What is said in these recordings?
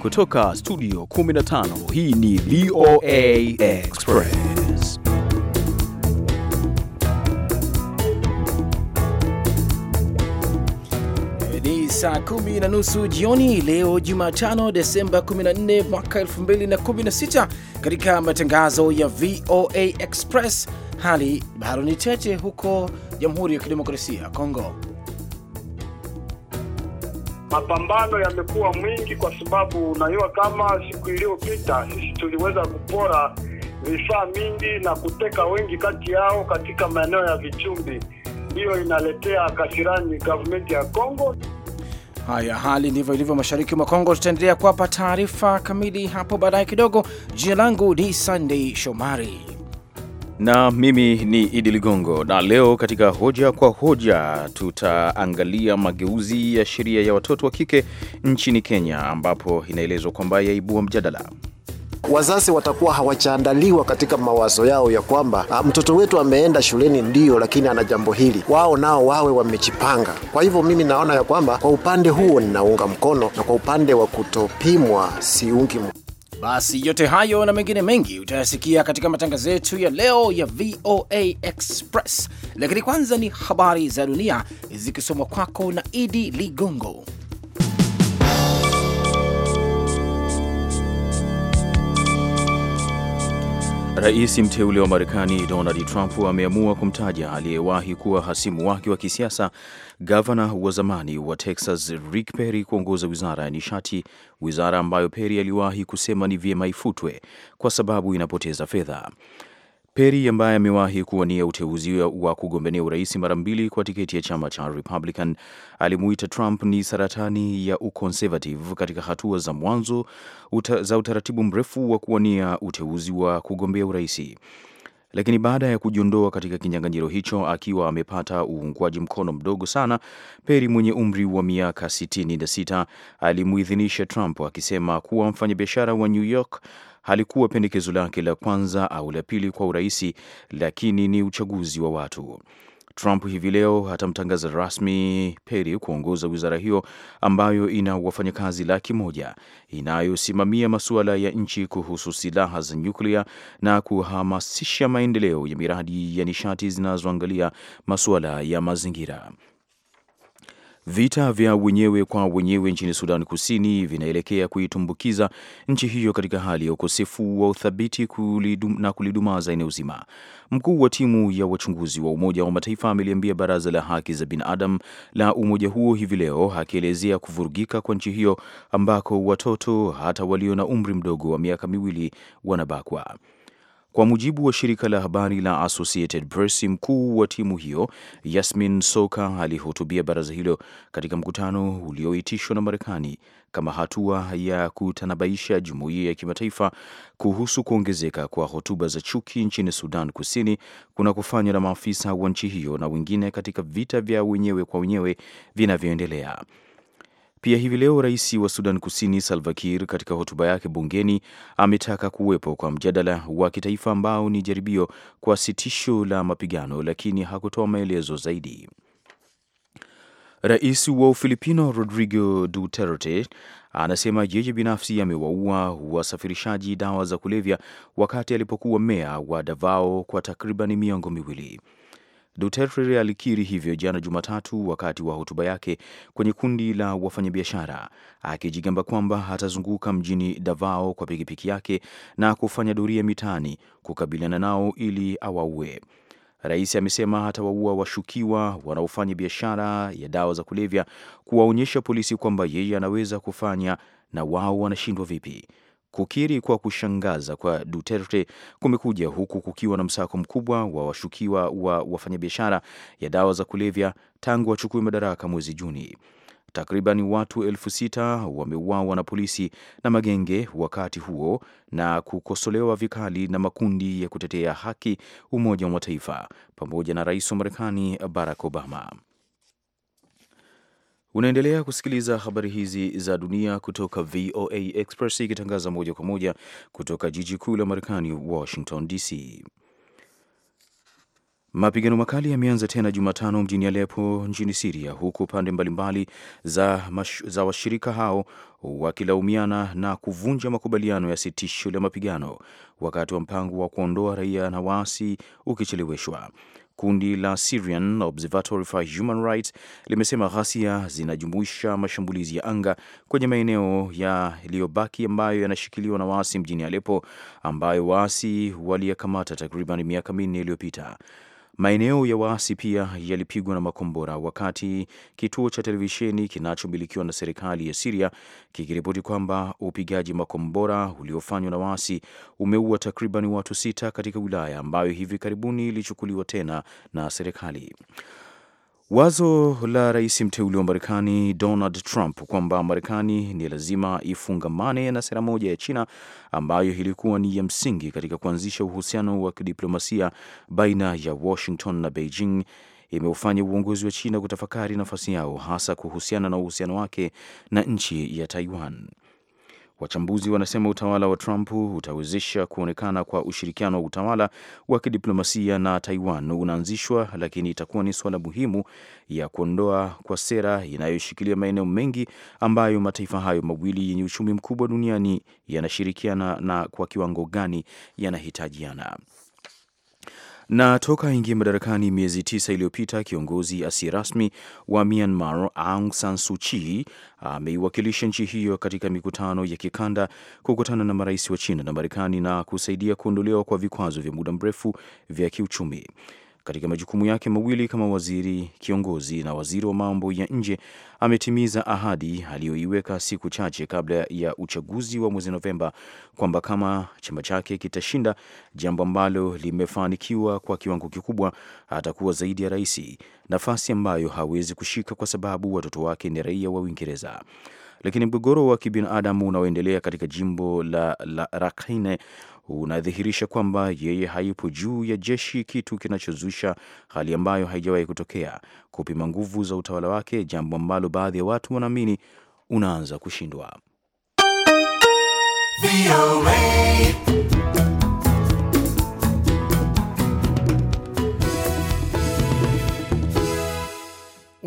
Kutoka studio 15 hii ni VOA Express. Ni saa kumi na nusu jioni leo Jumatano, Desemba 14 mwaka 2016. Katika matangazo ya VOA Express, hali bado ni tete huko Jamhuri ya Kidemokrasia ya Kongo mapambano yamekuwa mwingi, kwa sababu unajua kama siku iliyopita sisi tuliweza kupora vifaa mingi na kuteka wengi kati yao katika maeneo ya Vichumbi. Hiyo inaletea kasirani gavumenti ya Kongo. Haya, hali ndivyo ilivyo mashariki mwa Kongo. Tutaendelea kuwapa taarifa kamili hapo baadaye kidogo. Jina langu ni Sunday Shomari na mimi ni Idi Ligongo, na leo katika hoja kwa hoja tutaangalia mageuzi ya sheria ya watoto wa kike nchini Kenya, ambapo inaelezwa kwamba yaibua mjadala wazazi watakuwa hawajaandaliwa katika mawazo yao ya kwamba a, ah, mtoto wetu ameenda shuleni ndio, lakini ana jambo hili. Wao nao wawe wamejipanga. Kwa hivyo mimi naona ya kwamba kwa upande huo ninaunga mkono, na kwa upande wa kutopimwa siungi mkono. Basi yote hayo na mengine mengi utayasikia katika matangazo yetu ya leo ya VOA Express, lakini kwanza ni habari za dunia zikisomwa kwako na Idi Ligongo. Rais mteule wa Marekani Donald Trump ameamua kumtaja aliyewahi kuwa hasimu wake wa kisiasa, gavana wa zamani wa Texas Rick Perry kuongoza wizara ya nishati, wizara ambayo Perry aliwahi kusema ni vyema ifutwe kwa sababu inapoteza fedha. Peri ambaye amewahi kuwania uteuzi wa kugombania urais mara mbili kwa tiketi ya chama cha Republican alimuita Trump ni saratani ya uconservative katika hatua za mwanzo uta, za utaratibu mrefu wa kuwania uteuzi wa kugombea urais. Lakini baada ya kujiondoa katika kinyang'anyiro hicho akiwa amepata uungwaji mkono mdogo sana, Peri mwenye umri wa miaka 66 alimuidhinisha Trump akisema kuwa mfanyabiashara wa New York halikuwa pendekezo lake la kwanza au la pili kwa uraisi, lakini ni uchaguzi wa watu. Trump hivi leo atamtangaza rasmi Perry kuongoza wizara hiyo ambayo ina wafanyakazi laki moja inayosimamia masuala ya nchi kuhusu silaha za nyuklia na kuhamasisha maendeleo ya miradi ya nishati zinazoangalia masuala ya mazingira. Vita vya wenyewe kwa wenyewe nchini Sudan Kusini vinaelekea kuitumbukiza nchi hiyo katika hali ya ukosefu wa uthabiti kulidum, na kulidumaza eneo zima. Mkuu wa timu ya wachunguzi wa Umoja wa Mataifa ameliambia Baraza la Haki za Binadamu la umoja huo hivi leo, akielezea kuvurugika kwa nchi hiyo ambako watoto hata walio na umri mdogo wa miaka miwili wanabakwa. Kwa mujibu wa shirika la habari la Associated Press, mkuu wa timu hiyo Yasmin Soka alihutubia baraza hilo katika mkutano ulioitishwa na Marekani kama hatua ya kutanabaisha jumuiya ya kimataifa kuhusu kuongezeka kwa hotuba za chuki nchini Sudan Kusini kunakofanywa na maafisa wa nchi hiyo na wengine katika vita vya wenyewe kwa wenyewe vinavyoendelea. Pia hivi leo rais wa Sudan Kusini Salva Kiir katika hotuba yake bungeni ametaka kuwepo kwa mjadala wa kitaifa ambao ni jaribio kwa sitisho la mapigano, lakini hakutoa maelezo zaidi. Rais wa Ufilipino Rodrigo Duterte anasema yeye binafsi amewaua wasafirishaji dawa za kulevya wakati alipokuwa meya wa Davao kwa takriban miongo miwili. Duterte alikiri hivyo jana Jumatatu wakati wa hotuba yake kwenye kundi la wafanyabiashara, akijigamba kwamba atazunguka mjini Davao kwa pikipiki yake na kufanya doria mitaani kukabiliana nao ili awaue. Rais amesema atawaua washukiwa wanaofanya biashara ya dawa za kulevya, kuwaonyesha polisi kwamba yeye anaweza kufanya na wao wanashindwa vipi. Kukiri kwa kushangaza kwa Duterte kumekuja huku kukiwa na msako mkubwa wa washukiwa wa wafanyabiashara ya dawa za kulevya tangu wachukue madaraka mwezi Juni. Takriban watu elfu sita wameuawa na polisi na magenge wakati huo na kukosolewa vikali na makundi ya kutetea haki, Umoja wa Mataifa pamoja na rais wa Marekani Barack Obama. Unaendelea kusikiliza habari hizi za dunia kutoka VOA Express ikitangaza moja kwa moja kutoka jiji kuu la Marekani, Washington DC. Mapigano makali yameanza tena Jumatano mjini alepo nchini Siria, huku pande mbalimbali za, za washirika hao wakilaumiana na kuvunja makubaliano ya sitisho la mapigano, wakati wa mpango wa kuondoa raia na waasi ukicheleweshwa. Kundi la Syrian Observatory for Human Rights limesema ghasia zinajumuisha mashambulizi ya anga kwenye maeneo yaliyobaki ambayo yanashikiliwa na waasi mjini Aleppo, ambayo waasi waliyakamata takriban miaka minne iliyopita. Maeneo ya waasi pia yalipigwa na makombora, wakati kituo cha televisheni kinachomilikiwa na serikali ya Siria kikiripoti kwamba upigaji makombora uliofanywa na waasi umeua takriban watu sita katika wilaya ambayo hivi karibuni ilichukuliwa tena na serikali. Wazo la rais mteule wa Marekani Donald Trump kwamba Marekani ni lazima ifungamane na sera moja ya China ambayo ilikuwa ni ya msingi katika kuanzisha uhusiano wa kidiplomasia baina ya Washington na Beijing imeufanya uongozi wa China kutafakari nafasi yao hasa kuhusiana na uhusiano wake na nchi ya Taiwan. Wachambuzi wanasema utawala wa Trump utawezesha kuonekana kwa ushirikiano wa utawala wa kidiplomasia na Taiwan unaanzishwa, lakini itakuwa ni suala muhimu ya kuondoa kwa sera inayoshikilia maeneo mengi ambayo mataifa hayo mawili yenye uchumi mkubwa duniani yanashirikiana na kwa kiwango gani yanahitajiana. Na toka ingi madarakani miezi tisa iliyopita, kiongozi asiye rasmi wa Myanmar Aung San Suu Kyi ameiwakilisha nchi hiyo katika mikutano ya kikanda, kukutana na marais wa China na Marekani na kusaidia kuondolewa kwa vikwazo vya muda mrefu vya kiuchumi. Katika majukumu yake mawili kama waziri kiongozi na waziri wa mambo ya nje, ametimiza ahadi aliyoiweka siku chache kabla ya uchaguzi wa mwezi Novemba kwamba kama chama chake kitashinda, jambo ambalo limefanikiwa kwa kiwango kikubwa, atakuwa zaidi ya rais, nafasi ambayo hawezi kushika kwa sababu watoto wake ni raia wa Uingereza. Lakini mgogoro wa kibinadamu unaoendelea katika jimbo la, la Rakhine unadhihirisha kwamba yeye hayupo juu ya jeshi, kitu kinachozusha hali ambayo haijawahi kutokea, kupima nguvu za utawala wake, jambo ambalo baadhi ya watu wanaamini unaanza kushindwa.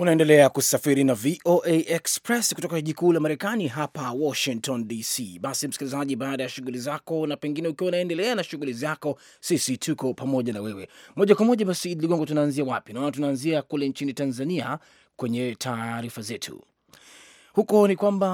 Unaendelea kusafiri na VOA Express kutoka jiji kuu la Marekani hapa Washington DC. Basi msikilizaji, baada ya shughuli zako na pengine ukiwa unaendelea na shughuli zako, sisi tuko pamoja na wewe moja kwa moja. Basi Idi Ligongo, tunaanzia wapi? Naona tunaanzia kule nchini Tanzania kwenye taarifa zetu huko ni kwamba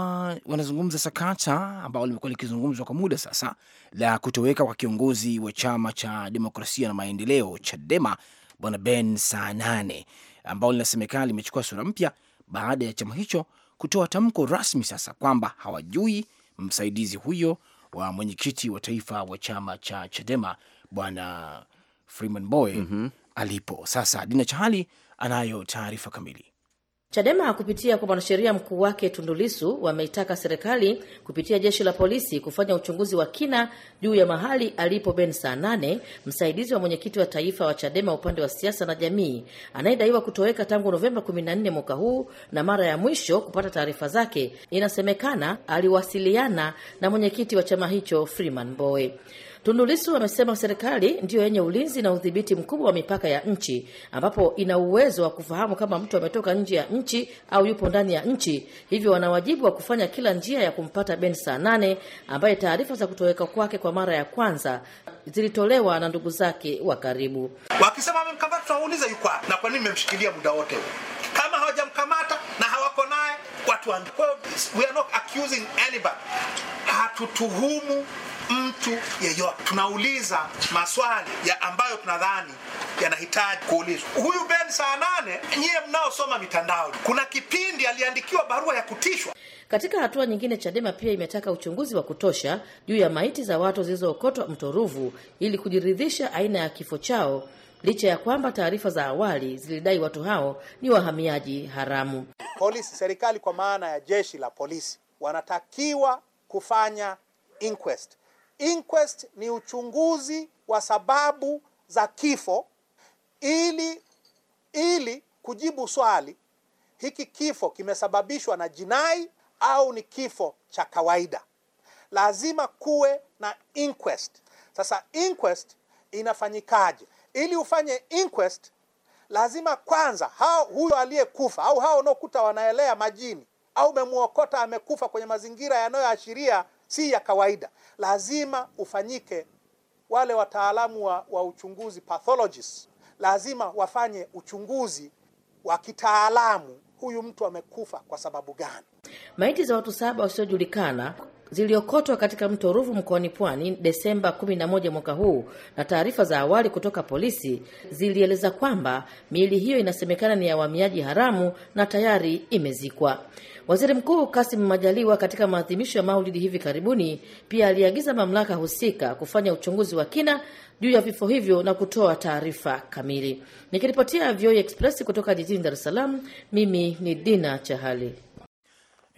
wanazungumza sakata ambao limekuwa likizungumzwa kwa muda sasa la kutoweka kwa kiongozi wa chama cha demokrasia na maendeleo Chadema, bwana Ben Saanane ambalo linasemekana limechukua sura mpya baada ya chama hicho kutoa tamko rasmi sasa kwamba hawajui msaidizi huyo wa mwenyekiti wa taifa wa chama cha Chadema Bwana Freeman Boy mm -hmm. alipo. Sasa Dina Chahali anayo taarifa kamili. Chadema kupitia kwa mwanasheria mkuu wake tundulisu wameitaka serikali kupitia jeshi la polisi kufanya uchunguzi wa kina juu ya mahali alipo Ben Saanane, msaidizi wa mwenyekiti wa taifa wa Chadema upande wa siasa na jamii, anayedaiwa kutoweka tangu Novemba 14 mwaka huu, na mara ya mwisho kupata taarifa zake inasemekana aliwasiliana na mwenyekiti wa chama hicho Freeman Mbowe tundulisu amesema serikali ndiyo yenye ulinzi na udhibiti mkubwa wa mipaka ya nchi, ambapo ina uwezo wa kufahamu kama mtu ametoka nje ya nchi au yupo ndani ya nchi, hivyo wana wajibu wa kufanya kila njia ya kumpata Ben Saanane ambaye taarifa za kutoweka kwake kwa mara ya kwanza zilitolewa na ndugu zake wa karibu. Wakisema wamemkamata, tunawauliza yuko wapi na kwa nini mmemshikilia muda wote Kama hawajamkamata na hawako naye watu, we are not accusing anybody, hatutuhumu mtu yeyote. Tunauliza maswali ya ambayo tunadhani yanahitaji kuulizwa. Huyu Ben saa nane, nyiye mnaosoma mitandao, kuna kipindi aliandikiwa barua ya kutishwa. Katika hatua nyingine, Chadema pia imetaka uchunguzi wa kutosha juu ya maiti za watu zilizookotwa mto Ruvu ili kujiridhisha aina ya kifo chao, licha ya kwamba taarifa za awali zilidai watu hao ni wahamiaji haramu. Polisi, serikali kwa maana ya jeshi la polisi, wanatakiwa kufanya inquest Inquest ni uchunguzi wa sababu za kifo ili, ili kujibu swali hiki kifo kimesababishwa na jinai au ni kifo cha kawaida. Lazima kuwe na inquest. Sasa inquest inafanyikaje? Ili ufanye inquest, lazima kwanza hao huyo aliyekufa au hao wanaokuta wanaelea majini au umemwokota amekufa kwenye mazingira yanayoashiria si ya kawaida, lazima ufanyike. Wale wataalamu wa, wa uchunguzi pathologists, lazima wafanye uchunguzi wa kitaalamu, huyu mtu amekufa kwa sababu gani? Maiti za watu saba wasiojulikana ziliokotwa katika mto Ruvu mkoani Pwani Desemba 11 mwaka huu, na taarifa za awali kutoka polisi zilieleza kwamba miili hiyo inasemekana ni ya wahamiaji haramu na tayari imezikwa. Waziri Mkuu Kasim Majaliwa katika maadhimisho ya Maulidi hivi karibuni pia aliagiza mamlaka husika kufanya uchunguzi wa kina juu ya vifo hivyo na kutoa taarifa kamili. Nikiripotia VOA e Express kutoka jijini Dar es Salaam, mimi ni Dina Chahali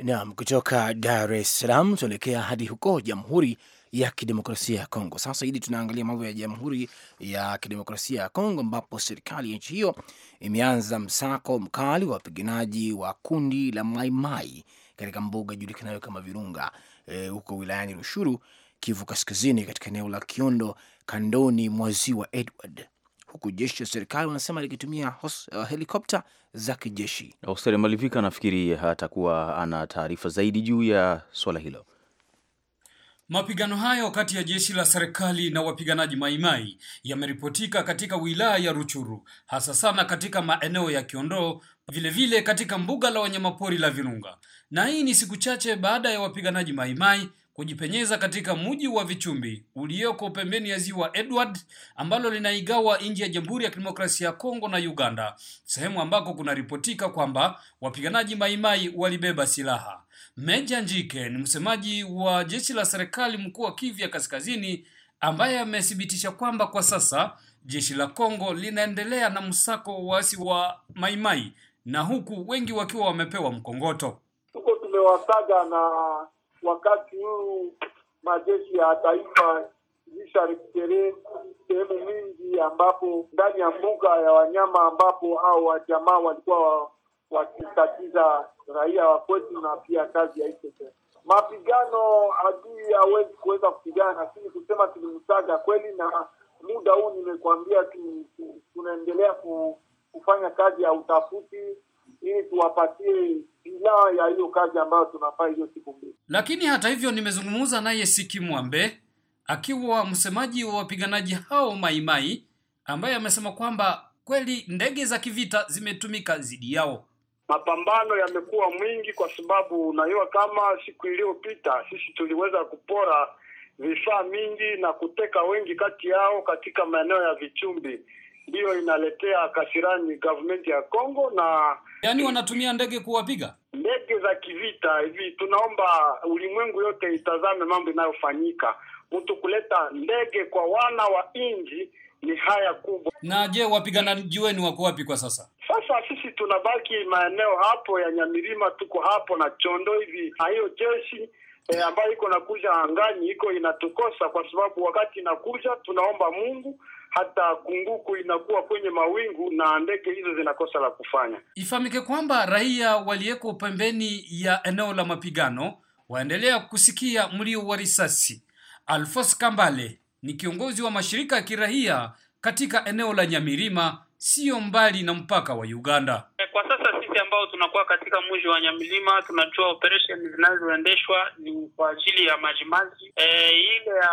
nam kutoka Dar es Salaam tuelekea hadi huko Jamhuri ya Kidemokrasia ya Kongo. Sasa hili tunaangalia mambo ya Jamhuri ya Kidemokrasia ya Kongo, ambapo serikali ya nchi hiyo imeanza msako mkali wa wapiganaji wa kundi la Maimai katika mbuga julikanayo kama Virunga e, huko e, wilayani Rushuru, Kivu Kaskazini, katika eneo la Kiondo, kandoni mwa ziwa Edward huku jeshi la serikali wanasema likitumia uh, helikopta za kijeshi. Hosteri Malivika nafikiri atakuwa ana taarifa zaidi juu ya swala hilo. Mapigano hayo kati ya jeshi la serikali na wapiganaji Maimai yameripotika katika wilaya ya Ruchuru, hasa sana katika maeneo ya Kiondoo, vilevile katika mbuga la wanyamapori la Virunga, na hii ni siku chache baada ya wapiganaji Maimai kujipenyeza katika mji wa Vichumbi ulioko pembeni ya ziwa Edward ambalo linaigawa nchi ya Jamhuri ya Kidemokrasia ya Kongo na Uganda, sehemu ambako kunaripotika kwamba wapiganaji Maimai walibeba silaha. Meja Njike ni msemaji wa jeshi la serikali mkuu wa Kivu ya Kaskazini ambaye amethibitisha kwamba kwa sasa jeshi la Kongo linaendelea na msako wa waasi wa Maimai na huku wengi wakiwa wamepewa mkongoto. Tuko tumewasaga na wakati huu majeshi ya taifa isharektere sehemu mingi ambapo ndani ya mbuga ya wanyama ambapo au wajamaa walikuwa wakitatiza raia wa kwetu na pia kazi ya ICC. Mapigano adui hawezi kuweza kupigana, lakini kusema tulimsaga kweli, na muda huu nimekuambia tunaendelea kufanya kazi ya utafuti ili tuwapatie bila ya hiyo kazi ambayo tunafaa hiyo siku mbili. Lakini hata hivyo, nimezungumza naye Siki Mwambe akiwa msemaji wa wapiganaji hao Maimai, ambaye amesema kwamba kweli ndege za kivita zimetumika dhidi yao. Mapambano yamekuwa mwingi, kwa sababu unajua kama siku iliyopita sisi tuliweza kupora vifaa mingi na kuteka wengi kati yao katika maeneo ya Vichumbi. Ndiyo inaletea kasirani government ya Kongo na Yaani wanatumia ndege kuwapiga ndege za kivita hivi. Tunaomba ulimwengu yote itazame mambo inayofanyika, mtu kuleta ndege kwa wana wa nji ni haya kubwa. Na je, wapiganaji wenu wako wapi kwa sasa? Sasa sisi tunabaki maeneo hapo ya Nyamirima, tuko hapo na Chondo hivi, na hiyo jeshi E, ambayo iko nakuja angani iko inatukosa kwa sababu wakati inakuja, tunaomba Mungu hata kunguku inakuwa kwenye mawingu na ndege hizo zinakosa la kufanya. Ifahamike kwamba raia waliyeko pembeni ya eneo la mapigano waendelea kusikia mlio wa risasi. Alfos Kambale ni kiongozi wa mashirika ya kiraia katika eneo la Nyamirima, siyo mbali na mpaka wa Uganda. Eh, kwa sasa sisi ambao tunakuwa katika mji wa Nyamilima tunajua operesheni zinazoendeshwa ni kwa ajili ya majimaji e, ile ya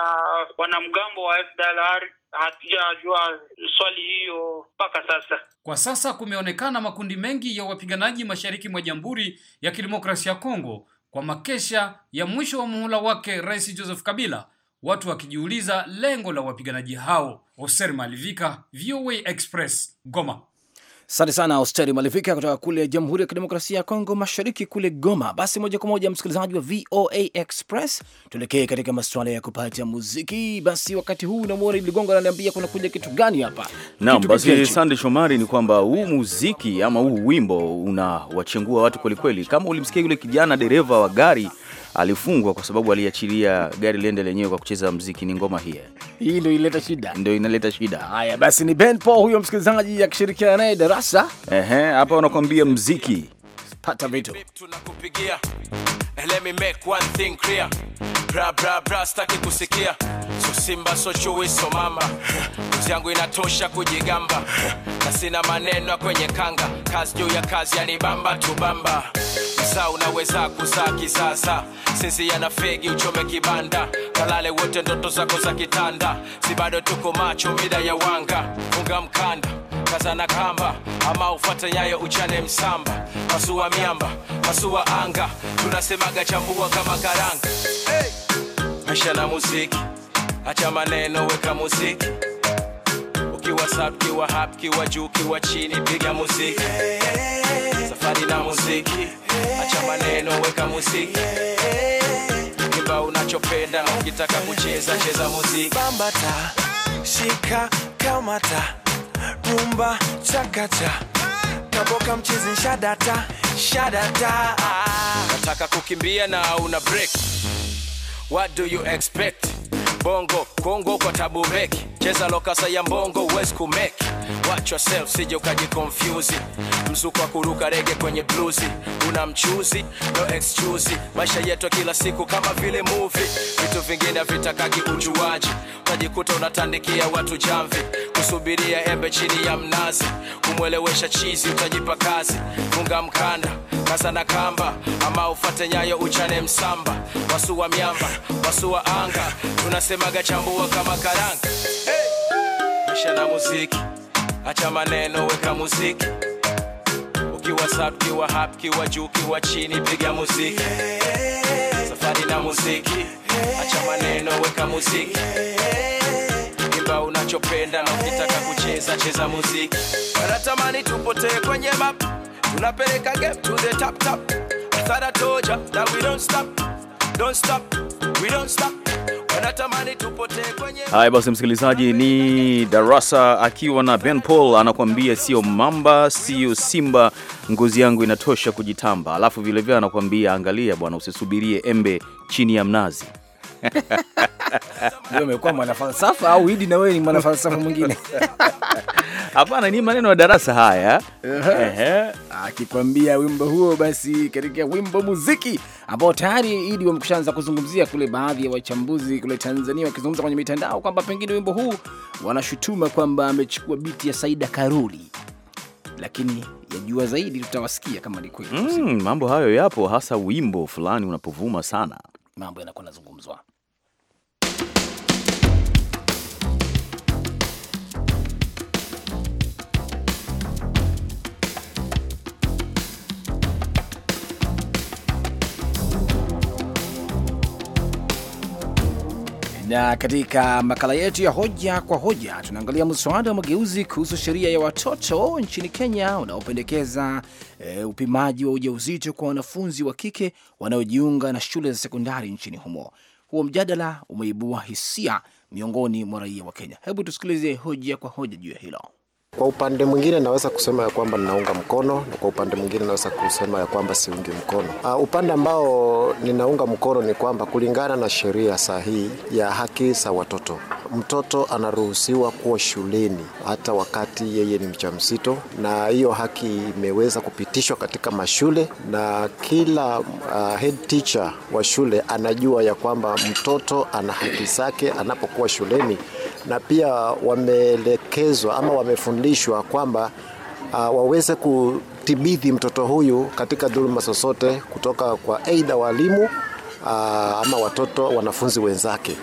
wanamgambo wa FDLR hatujajua swali hiyo mpaka sasa. Kwa sasa kumeonekana makundi mengi ya wapiganaji mashariki mwa Jamhuri ya Kidemokrasia ya Kongo kwa makesha ya mwisho wa muhula wake Rais Joseph Kabila, watu wakijiuliza lengo la wapiganaji hao. Oser Malivika, VOA Express, Goma. Asante sana Austeri Malivika kutoka kule Jamhuri ya Kidemokrasia ya Kongo Mashariki, kule Goma. Basi moja kwa moja, msikilizaji wa VOA Express, tuelekee katika masuala ya kupata muziki. Basi wakati huu namwona Ligongo ananiambia kuna kuja kitu gani hapa nam. Basi Sande Shomari, ni kwamba huu muziki ama huu wimbo unawachengua watu kwelikweli. Kama ulimsikia yule kijana dereva wa gari alifungwa kwa sababu aliachilia gari lende lenyewe kwa kucheza mziki. Ni ngoma hii hii ndio inaleta shida, ndio inaleta shida. Haya basi, ni Ben Paul huyo msikilizaji akishirikiana naye Darasa. Ehe, hapa wanakuambia mziki hata vitu tunakupigia. Let me make one thing clear. Bra bra bra, staki kusikia so simba so chui so mama kazi yangu inatosha kujigamba na sina maneno kwenye kanga kazi juu ya kazi yani bamba tu bamba msaa unaweza kisasa sisi yana fegi uchome kibanda kalale wote ndoto zako za kitanda si bado tuko macho mida ya wanga funga mkanda kazana kamba ama ufate nyayo uchane msamba pasua miamba pasua anga tunasemaga chambua kama karanga hey! na muziki acha maneno weka muziki ukiwa sab kiwa hap kiwa juu kiwa chini piga muziki safari na muziki acha maneno weka muziki kiba unachopenda ukitaka kucheza cheza muziki bambata shika kamata rumba chakacha kaboka mchizi shadata shadata nataka kukimbia na una break what do you expect bongo kongo kwa tabu meki cheza lokasa ya mbongo wes kumeki watch yourself sije ukajikonfyuzi mzuko wa kuruka rege kwenye bluzi una mchuzi no excuse maisha yetu kila siku kama vile muvi vitu vingine vitakaki ujuaji unajikuta unatandikia watu jamvi kusubiria embe chini ya mnazi, kumwelewesha chizi utajipa kazi, funga mkanda kasa na kamba, ama ufate nyayo uchane msamba, wasua miamba, wasua anga, tunasemaga chambua kama karanga. Hey! Misha na muziki, acha maneno, weka muziki ukiwa sap kiwa hap kiwa juu kiwa chini piga muziki safari na muziki acha maneno weka muziki imba unachopenda na ukitaka kucheza cheza muziki wanatamani tupotee kwenye map tunapeleka game to the top top athara toja na we don't stop don't stop we don't stop Haya basi, msikilizaji, ni Darasa akiwa na Ben Paul anakuambia sio mamba, sio simba, ngozi yangu inatosha kujitamba. Alafu vilevile anakuambia angalia bwana, usisubirie embe chini ya mnazi. Wewe umekuwa mwanafalsafa au Idi na wewe ni mwanafalsafa mwingine? Hapana, ni maneno ya darasa haya. Akikwambia wimbo huo, basi katika wimbo muziki ambao tayari Idi wamekushaanza kuzungumzia kule, baadhi ya wachambuzi kule Tanzania wakizungumza kwenye mitandao kwamba pengine wimbo huu wanashutuma kwamba amechukua biti ya Saida Karoli lakini yajua zaidi tutawasikia kama ni kweli. Mm, mambo hayo yapo, hasa wimbo fulani unapovuma sana, mambo yanakuwa nazungumzwa. Na katika makala yetu ya hoja kwa hoja tunaangalia mswada wa mageuzi kuhusu sheria ya watoto nchini Kenya unaopendekeza e, upimaji wa ujauzito kwa wanafunzi wa kike wanaojiunga na shule za sekondari nchini humo. Huo mjadala umeibua hisia miongoni mwa raia wa Kenya. Hebu tusikilize hoja kwa hoja juu ya hilo. Kwa upande mwingine naweza kusema ya kwamba ninaunga mkono, na kwa upande mwingine naweza kusema ya kwamba siungi mkono. Uh, upande ambao ninaunga mkono ni kwamba kulingana na sheria sahihi ya haki za watoto, mtoto anaruhusiwa kuwa shuleni hata wakati yeye ni mjamzito, na hiyo haki imeweza kupitishwa katika mashule, na kila uh, head teacher wa shule anajua ya kwamba mtoto ana haki zake anapokuwa shuleni na pia wameelekezwa ama wamefundishwa kwamba uh, waweze kutibidhi mtoto huyu katika dhuluma zozote kutoka kwa aidha walimu uh, ama watoto wanafunzi wenzake.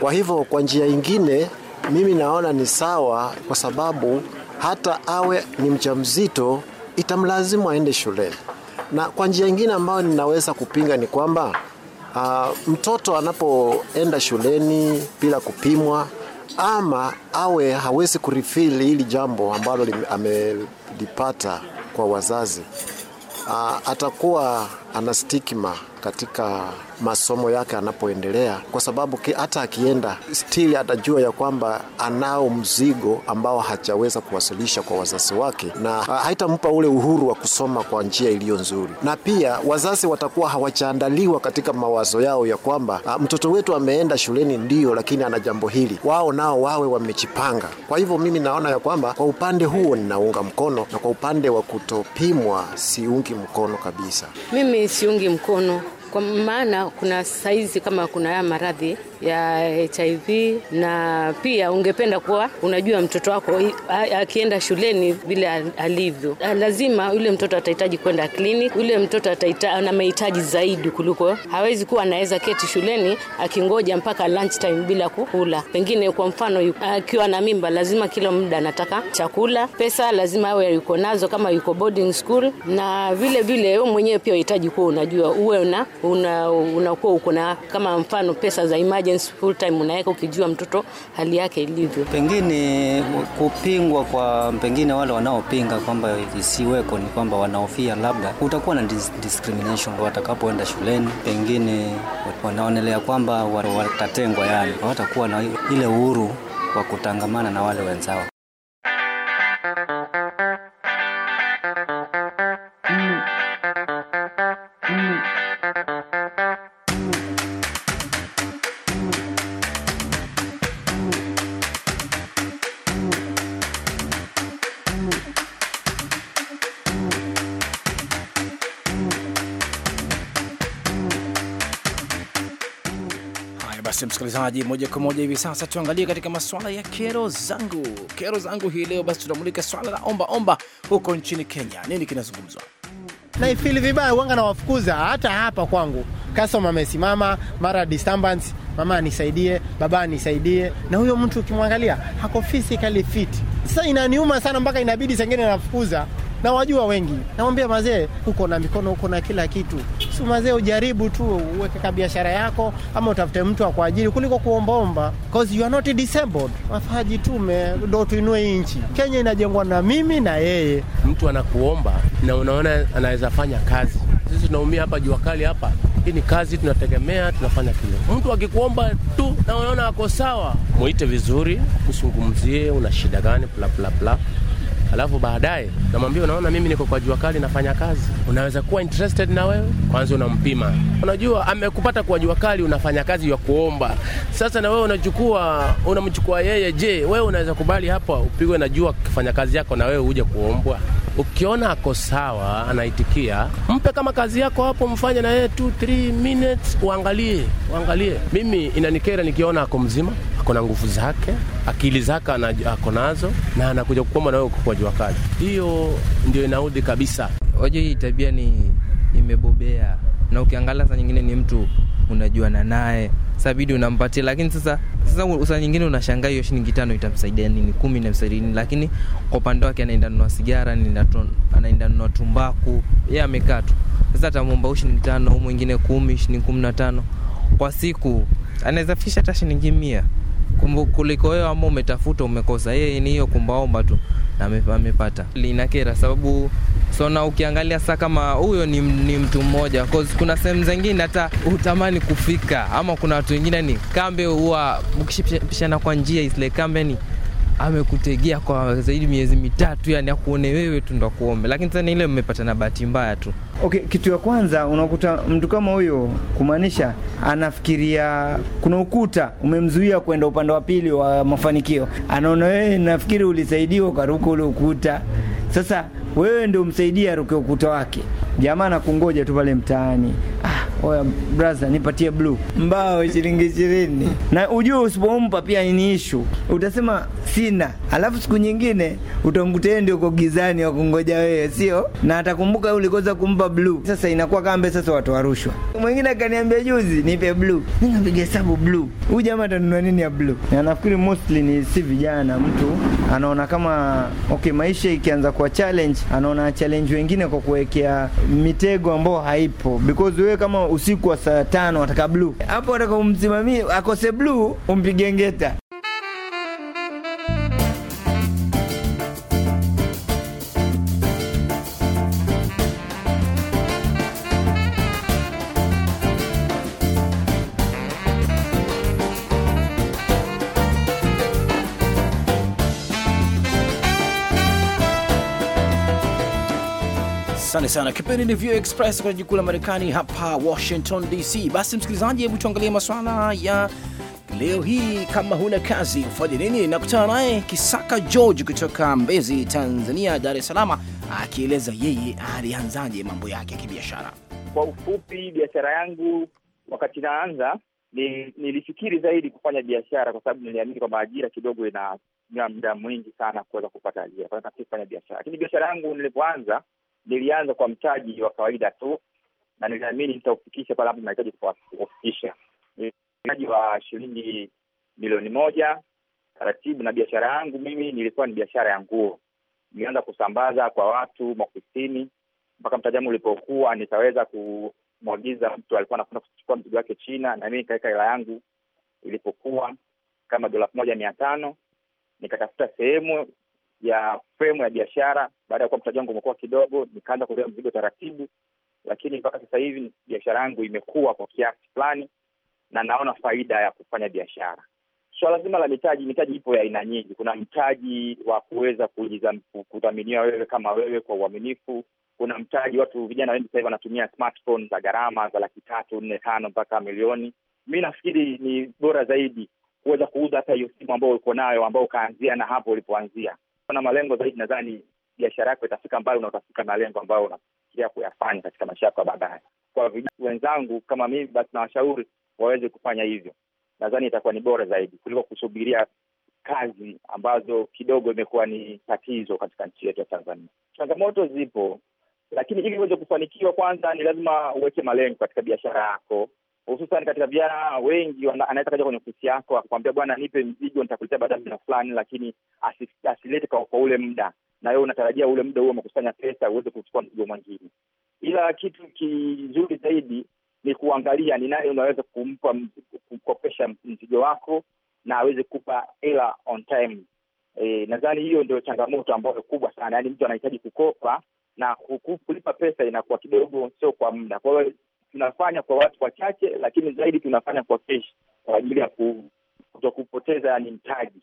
Kwa hivyo kwa njia ingine mimi naona ni sawa, kwa sababu hata awe ni mjamzito itamlazimu aende shuleni. Na kwa njia ingine ambayo ninaweza kupinga ni kwamba uh, mtoto anapoenda shuleni bila kupimwa ama awe hawezi kurifili hili jambo ambalo amelipata kwa wazazi, ah, atakuwa ana stigma katika masomo yake anapoendelea, kwa sababu hata akienda stili atajua ya kwamba anao mzigo ambao hajaweza kuwasilisha kwa wazazi wake, na haitampa ule uhuru wa kusoma kwa njia iliyo nzuri. Na pia wazazi watakuwa hawajaandaliwa katika mawazo yao ya kwamba a, ah, mtoto wetu ameenda shuleni ndio, lakini ana jambo hili. Wao nao wawe wamejipanga. Kwa hivyo mimi naona ya kwamba kwa upande huo ninaunga mkono, na kwa upande wa kutopimwa siungi mkono kabisa. Mimi siungi mkono kwa maana kuna saizi kama kuna haya maradhi ya HIV na pia ungependa kuwa unajua mtoto wako akienda shuleni vile alivyo. Ah, lazima yule mtoto atahitaji kwenda kliniki, yule mtoto ana mahitaji zaidi kuliko, hawezi kuwa anaweza keti shuleni akingoja mpaka lunch time bila kukula. Pengine kwa mfano, akiwa na mimba, lazima kila muda anataka chakula, pesa lazima awe yuko nazo kama yuko boarding school, na vile vile wewe mwenyewe pia unahitaji kuwa unajua uwe na unakuwa uko na kama mfano pesa za emergency full time unaweka ukijua mtoto hali yake ilivyo. Pengine kupingwa kwa pengine wale wanaopinga kwamba isiweko ni kwamba wanaofia labda utakuwa na dis discrimination watakapoenda shuleni, pengine wanaonelea kwamba watatengwa, yani watakuwa na ile uhuru wa kutangamana na wale wenzao. Basi msikilizaji, moja kwa moja hivi sasa tuangalie katika masuala ya kero zangu. Kero zangu hii leo, basi tunamulika swala la omba omba huko nchini Kenya. Nini kinazungumzwa? Naifili vibaya wanga, nawafukuza hata hapa kwangu. Customer amesimama mara disturbance, mama anisaidie, baba anisaidie, na huyo mtu ukimwangalia hako physically fit. Sasa inaniuma sana, mpaka inabidi sengine nafukuza, Nawajua wengi, nawambia mazee, huko na mikono, uko na kila kitu mazee, ujaribu tu uweke ka biashara yako, ama utafute mtu wa kuajiri kuliko kuombaomba, cause you are not disabled. Wafaa jitume ndo tuinue nchi. Kenya inajengwa na mimi na yeye. Mtu anakuomba na unaona anaweza fanya kazi. Sisi tunaumia hapa jua kali hapa, hii ni kazi tunategemea, tunafanya kile mtu akikuomba tu na unaona ako sawa, mwite vizuri, usungumzie una shida gani, bla bla bla alafu baadaye namwambia, unaona, mimi niko kwa jua kali nafanya kazi, unaweza kuwa interested na wewe. Kwanza unampima, unajua amekupata kwa jua kali, unafanya kazi ya kuomba. Sasa na wewe unachukua, unamchukua yeye. Je, wewe unaweza kubali hapa upigwe na jua kufanya kazi yako na wewe uje kuombwa? ukiona ako sawa anaitikia, mpe kama kazi yako hapo, mfanye na yeye tu 3 minutes, uangalie uangalie. Mimi inanikera nikiona ako mzima, ako na nguvu zake, akili zake ako nazo, na anakuja kukoma na wewe kwa jua kali. Hiyo ndio inaudhi kabisa. Waje hii tabia ni imebobea, na ukiangalia saa nyingine ni mtu unajuana naye sabidi unampatia, lakini sasa sasa usa nyingine unashangaa hiyo shilingi tano itamsaidia nini, kumi inamsaidia nini? Lakini kwa upande wake anaenda nunua sigara, anaenda nunua tumbaku, yeye amekaa tu. Sasa atamwomba huyu shilingi tano, huyu mwingine kumi, shilingi kumi na tano kwa siku, anaweza fikisha hata shilingi mia kuliko wewe ambao umetafuta umekosa. Yeye ni hiyo kumbaomba tu na amepata, linakera sababu So na ukiangalia sasa kama huyo ni, ni mtu mmoja cause kuna sehemu zingine hata utamani kufika, ama kuna watu wengine ni kambe huwa ukishipishana kwa njia isle kambe ni amekutegea kwa zaidi miezi mitatu, yani akuone wewe tu ndo kuombe, lakini sasa ile na bahati mbaya tu. Okay, kitu ya kwanza unakuta mtu kama huyo, kumaanisha anafikiria kuna ukuta umemzuia kwenda upande wa pili wa mafanikio, anaona wewe, nafikiri ulisaidiwa ukaruka ule ukuta, sasa wewe ndio umsaidia aruke ukuta wake. Jamaa nakungoja tu pale mtaani. Ah, oya brother, nipatie blue mbao shilingi ishirini. Na ujue usipompa pia ni issue, utasema sina, alafu siku nyingine utamkuta yeye ndio uko gizani wa kungoja wewe, sio? Na atakumbuka ulikoza kumpa blue. Sasa inakuwa kambe, sasa watu warushwa. Mwingine akaniambia juzi, nipe blue, ninampiga hesabu blue, huyu jamaa atanunua nini ya blue? Na nafikiri mostly ni si vijana, mtu anaona kama okay, maisha ikianza kuwa challenge anaona challenge wengine kwa kuwekea mitego ambao haipo, because wewe kama usiku wa saa tano ataka bluu hapo, ataka akose bluu umpige ngeta. Asante sana. Kipindi ni View Express kwenye jukwaa la Marekani hapa Washington DC. Basi msikilizaji, hebu tuangalie maswala ya leo hii. Kama huna kazi ufanye nini? Nakutana naye Kisaka George kutoka Mbezi, Tanzania, Dar es Salaam, akieleza yeye alianzaje mambo yake ya kibiashara. Kwa ufupi, biashara yangu wakati naanza ni, nilifikiri zaidi kufanya biashara kwa sababu niliamini kwamba ajira kidogo ina muda mwingi sana kuweza kupata ajira, kufanya biashara. Lakini biashara yangu nilipoanza nilianza kwa mtaji wa kawaida tu, na niliamini nitaufikisha pale ambapo nahitaji kufikisha. Mtaji wa shilingi milioni moja taratibu. Na biashara yangu mimi nilikuwa ni biashara ya nguo, nilianza kusambaza kwa watu maofisini, mpaka mtajamu ulipokuwa nitaweza kumwagiza mtu alikuwa anakenda kuchukua mzigo wake China, na mii nikaweka hela yangu ilipokuwa kama dola elfu moja mia tano nikatafuta sehemu ya fremu ya biashara. Baada ya kuwa mtaji wangu umekuwa kidogo, nikaanza kubeba mzigo taratibu, lakini mpaka sasa hivi biashara yangu imekuwa kwa kiasi fulani na naona faida ya kufanya biashara. Swala so, zima la mitaji, mitaji ipo ya aina nyingi. Kuna mtaji wa kuweza kudhaminiwa wewe kama wewe kwa uaminifu. Kuna mtaji, watu vijana wengi sasa hivi wanatumia smartphone za gharama za laki tatu nne tano mpaka milioni. Mi nafikiri ni bora zaidi kuweza kuuza hata hiyo simu ambao uko nayo, ambao ukaanzia na hapo ulipoanzia na malengo zaidi, nadhani biashara yako itafika mbali na utafika malengo ambayo unafikiria kuyafanya katika maisha yako ya baadaye. Kwa vijana wenzangu kama mimi, basi nawashauri waweze kufanya hivyo, nadhani itakuwa ni bora zaidi kuliko kusubiria kazi ambazo kidogo imekuwa ni tatizo katika nchi yetu ya Tanzania. Changamoto zipo, lakini ili uweze kufanikiwa, kwanza ni lazima uweke malengo katika biashara yako, hususan katika vijana wengi anaweza kaja kwenye ofisi yako akakwambia, bwana, nipe mzigo nitakuletea baada ya muda fulani, lakini asilete kwa, kwa ule muda, na wewe unatarajia ule muda huo umekusanya pesa uweze kuchukua mzigo mwingine. Ila kitu kizuri zaidi ni kuangalia ni nani unaweza kumpa kukopesha mzigo wako na aweze kupa hela on time. E, nadhani hiyo ndio changamoto ambayo kubwa sana, yaani mtu anahitaji kukopa na kulipa pesa inakuwa kidogo, sio kwa muda. Kwa hiyo tunafanya kwa watu wachache, lakini zaidi tunafanya kwa keshi kwa ajili ya kuto kupoteza yani mtaji.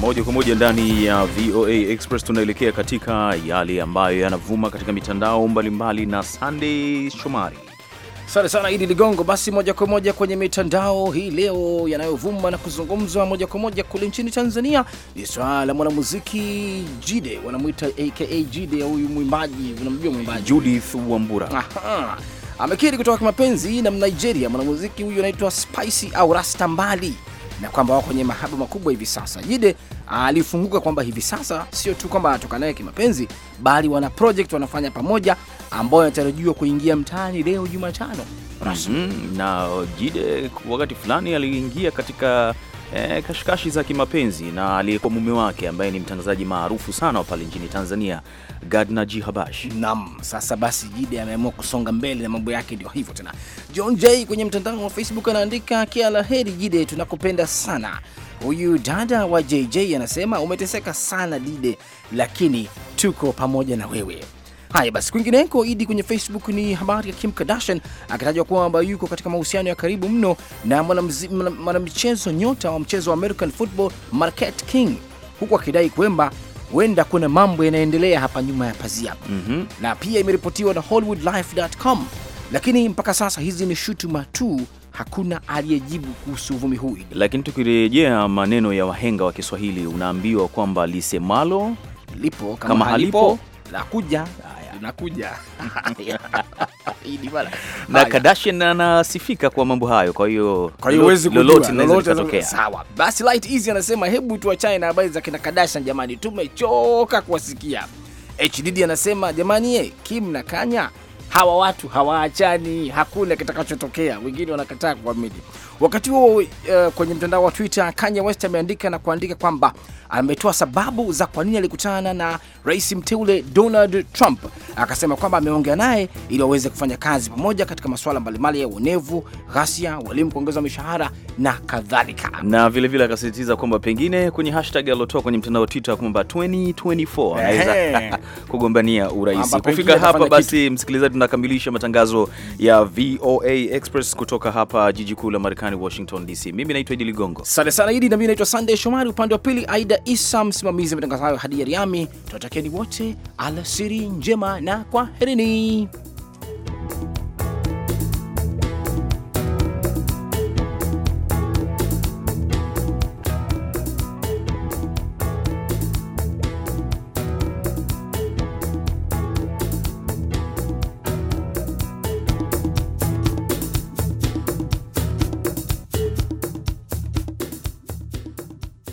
Moja kwa moja ndani ya VOA Express tunaelekea katika yale ambayo yanavuma katika mitandao mbalimbali, na Sunday Shomari Asante sana Idi Ligongo. Basi moja kwa moja kwenye mitandao hii leo, yanayovuma na kuzungumzwa moja kwa moja kule nchini Tanzania ni swala la mwanamuziki Jide, wanamwita aka Jide, huyu mwimbaji, unamjua mwimbaji Judith Wambura. Aha. Amekiri kutoka kimapenzi na Mnigeria mwanamuziki huyu anaitwa Spicy au Rasta Mbali na kwamba wako kwenye mahaba makubwa hivi sasa. Jide ah, alifunguka kwamba hivi sasa sio tu kwamba anatoka naye kimapenzi, bali wana project wanafanya pamoja ambayo anatarajiwa kuingia mtaani leo Jumatano rasmi. Mm -hmm. Na Jide wakati fulani aliingia katika e, eh, kashikashi za kimapenzi na aliyekuwa mume wake ambaye ni mtangazaji maarufu sana wa pale nchini Tanzania Gadna jihabash Habash. Naam, sasa basi Jide ameamua kusonga mbele na mambo yake, ndio hivyo tena. John J kwenye mtandao wa Facebook anaandika kia la heri Jide, tunakupenda sana. Huyu dada wa JJ anasema umeteseka sana Dide, lakini tuko pamoja na wewe. Haya basi, kwingineko idi kwenye Facebook ni habari ya Kim Kardashian akitajwa kwamba yuko katika mahusiano ya karibu mno na mwanamichezo nyota wa mchezo wa American football Marquette King, huku akidai kwamba huenda kuna mambo yanaendelea hapa nyuma ya pazia mm -hmm. na pia imeripotiwa na hollywoodlife.com lakini mpaka sasa hizi ni shutuma tu, hakuna aliyejibu kuhusu uvumi huu. Lakini tukirejea maneno ya wahenga wa Kiswahili, unaambiwa kwamba lisemalo lipo kama, kama halipo, halipo la kuja nakuja na Kardashian anasifika kwa mambo hayo, kwa hiyo kwa hiyo huwezi sawa. Basi Light Easy anasema hebu tuachane na habari za kina Kardashian, jamani, tumechoka kuwasikia. HDD anasema jamani, ye eh, Kim na Kanya hawa watu hawaachani, hakuna kitakachotokea. Wengine wanakataa kuamini. Wakati huo uh, kwenye mtandao wa Twitter Kanye West ameandika na kuandika kwamba ametoa sababu za kwa nini alikutana na rais mteule Donald Trump, akasema kwamba ameongea naye ili waweze kufanya kazi pamoja katika masuala mbalimbali ya uonevu, ghasia, walimu kuongeza mishahara na kadhalika, na vilevile akasisitiza kwamba pengine kwenye hashtag aliotoa kwenye mtandao wa Twitter kwamba 2024 anaweza kugombania urais. Kufika hapa basi, msikilizaji, tunakamilisha matangazo ya VOA Express kutoka hapa jiji kuu la Marekani Marekani, Washington DC. Mimi naitwa Idi Ligongo. Asante sana Idi. Na mimi naitwa Sandey Shomari, upande wa pili Aida Isa, msimamizi wa matangazo hayo Hadija Riami. Tunatakieni wote alasiri njema na kwaherini.